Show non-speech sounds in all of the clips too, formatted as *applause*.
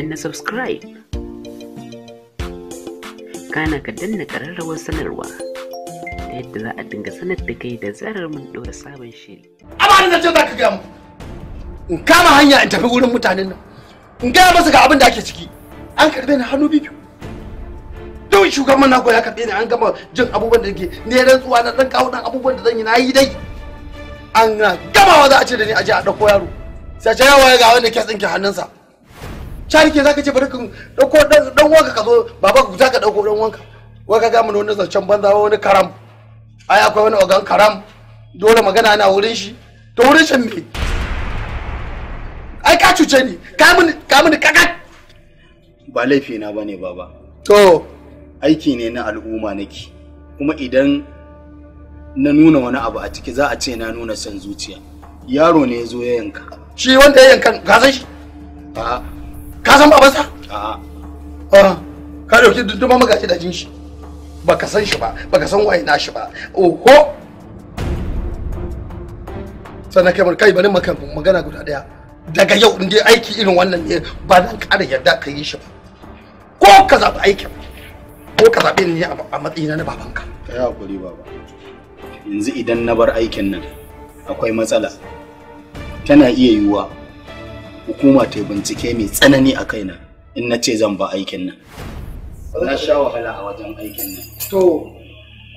danna subscribe kana ka danna ƙararrawar sanarwa ta yadda za a dinga sanar da kai da zarar mun ɗora sabon shiri. Amanin da ce za ka mu. In kama hanya in tafi wurin mutanen nan. In gaya masa ga abin da ake ciki. An karbe ni hannu biyu. don shugaban na ya karɓe ni an gama jin abubuwan da ke ne tsuwa na ɗan kawo ɗan abubuwan da zan yi na yi dai. An gamawa za a ce da ni a je a ɗauko yaro. Sai ce yawa ya ga wanda ke tsinke hannunsa. cari ke zaka ce bari kan dauko dan wanka ka zo baba ku zaka dauko dan wanka wai ka ga mun wani zancen banza wani karam ai akwai wani ogan karam dole magana ana wurin shi to wurin shi me ai ka cuce ni ka mun ka mun kaka ba laifi na bane baba to aiki ne na al'umma nake kuma idan na nuna wani abu a ciki za a ce na nuna son zuciya yaro ne ya zo ya yanka shi wanda ya yanka ka san shi a'a ka san babansa a'a ah, ka dauki dudduba magaji da jin shi baka san shi ba baka san waye na shi ba oho sannan kai kai bari maka magana guda daya daga yau in aiki irin wannan ne ba zan ƙara yarda ka yi shi ba ko ka zaɓi aikin ko ka zaɓi ni a matsayina na babanka ka yi hakuri baba yanzu idan na bar aikin nan akwai matsala tana iya yiwuwa hukuma ta bincike mai tsanani a kaina in na ce zan ba aikin nan na sha wahala a wajen aikin nan to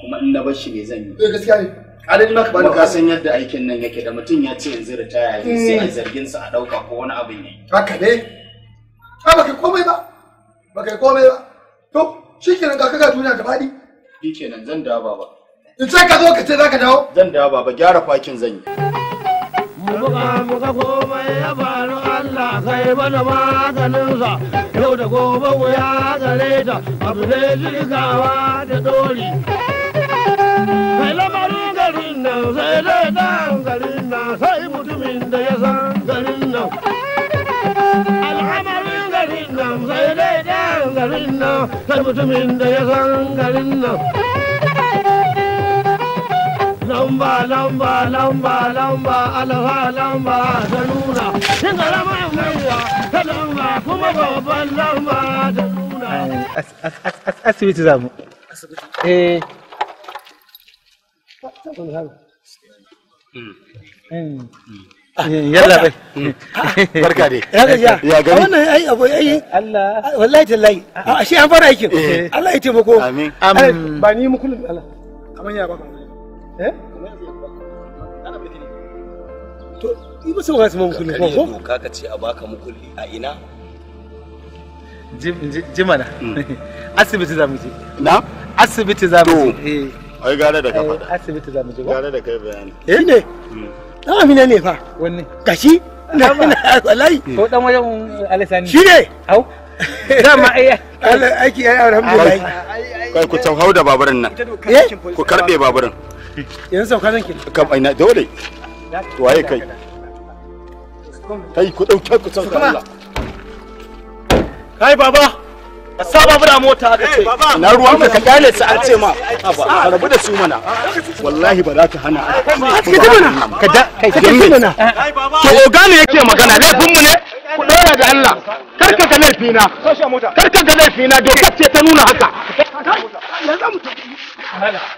kuma in na bar shi me zan yi To, eh, gaskiya ne alin maka ba ka san yadda aikin nan yake da mutum ya ce yanzu ritaya yanzu sai a zargin sa a dauka ko wani abin ne. haka ne ba baka komai ba baka komai ba to shikenan ga kaga duniya ta fadi shikenan zan dawo baba in sai ka zo ka ce zaka dawo zan dawo baba gyara fakin zan yi muka muka komai ya faru Allah kai mana maganinsa yau da gobe wuya gare ta abu ne jirgawa da doli. Kai lamarin garin nan sai dai dan garin nan sai mutumin da ya san garin nan. Al'amarin garin nan sai dai dan garin nan sai mutumin da ya san garin nan. lamba lamba lamba lamba alha lamba daruna nuna shin karama maiwa ta lamba kuma babban lamba ta nuna asibiti za mu eh. Ah. eh yalla bai hmm. ah, barka dai *laughs* ya ya gani wannan ai abu ai Allah ah, wallahi tallahi a shi an fara aikin eh. Allah ya taimako amin ba ni mukulun Allah aman ya baka eh to yi ba su ba mamukulli ko ko ka ce a baka mukulli a ina jimana hmm. *laughs* asibiti za mu je na asibiti za mu je eh. ai gare da ka eh, faɗa asibiti za mu je gare da kai bayani eh ne hmm. dan amina ne fa wanne gashi ah, *laughs* na wallahi ko dan wajen alisani shi ne au dama *laughs* eh. ai aiki ai alhamdulillah kai ku tauhau da babaran. nan ku karbe baburin yanzu sauka zan aina dole waye kai kai ku dauke ku sauka Allah kai baba sa babu da mota aka ce eh, na ruwan ka kyale su an ce ma ka rabu da su mana ah, wallahi ba za ka hana ka da kai girme to ogani yake magana laifin mu ne ku dora ga Allah karka ga laifi na ga ce ta nuna haka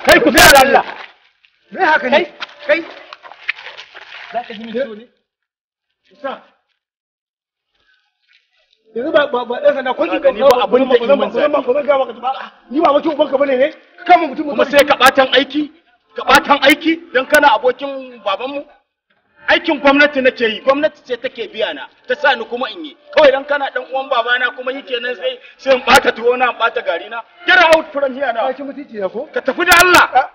kai ku tsaya Allah Me haka ne? Kai? Za ka ji min ciwo ne? Isa. Yanzu ba ba ba ɗansa na kwanci ga ba abin da in manza. Ba zan ga maka ba. Ni ba wace ubanka bane ne? Kan mutum kuma sai ka batan aiki? Ka batan aiki dan kana abokin baban mu Aikin gwamnati nake yi, gwamnati ce take biya na, ta sa ni kuma in yi. Kawai dan kana dan uwan babana kuma yake nan sai sai in bata tuwo na in bata gari na. Get out from here now. Ka tafi da Allah. Ah.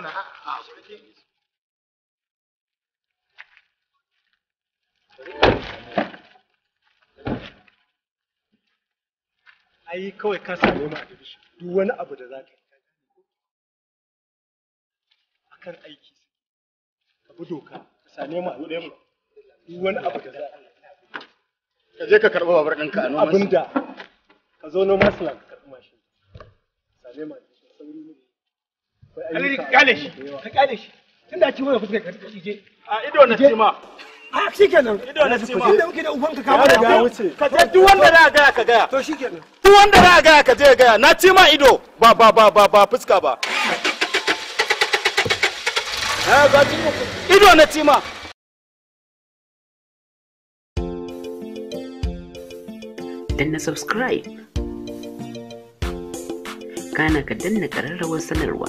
mana a ai kawai ka same mu a dibishi duk wani abu da za ka yi akan aiki ka bi doka ka same mu a ɗaya mu duk wani abu da za ka yi ka je ka karɓi babar ɗinka a nomas abinda ka zo nomas land ka karɓi mashin same mu alhaji ka kyale shi ka kyale shi tunda ci wani fuskar ka je a ido na ce a ah, shi kenan ido na ce tunda inda muke da uban ka kawo da ya wuce ka je duk wanda za ga ka gaya to shi kenan duk wanda za ga ka je gaya na ce ido ba ba ba ba ba fuska ba ido na ce ma danna subscribe kana ka danna ƙararrawar sanarwa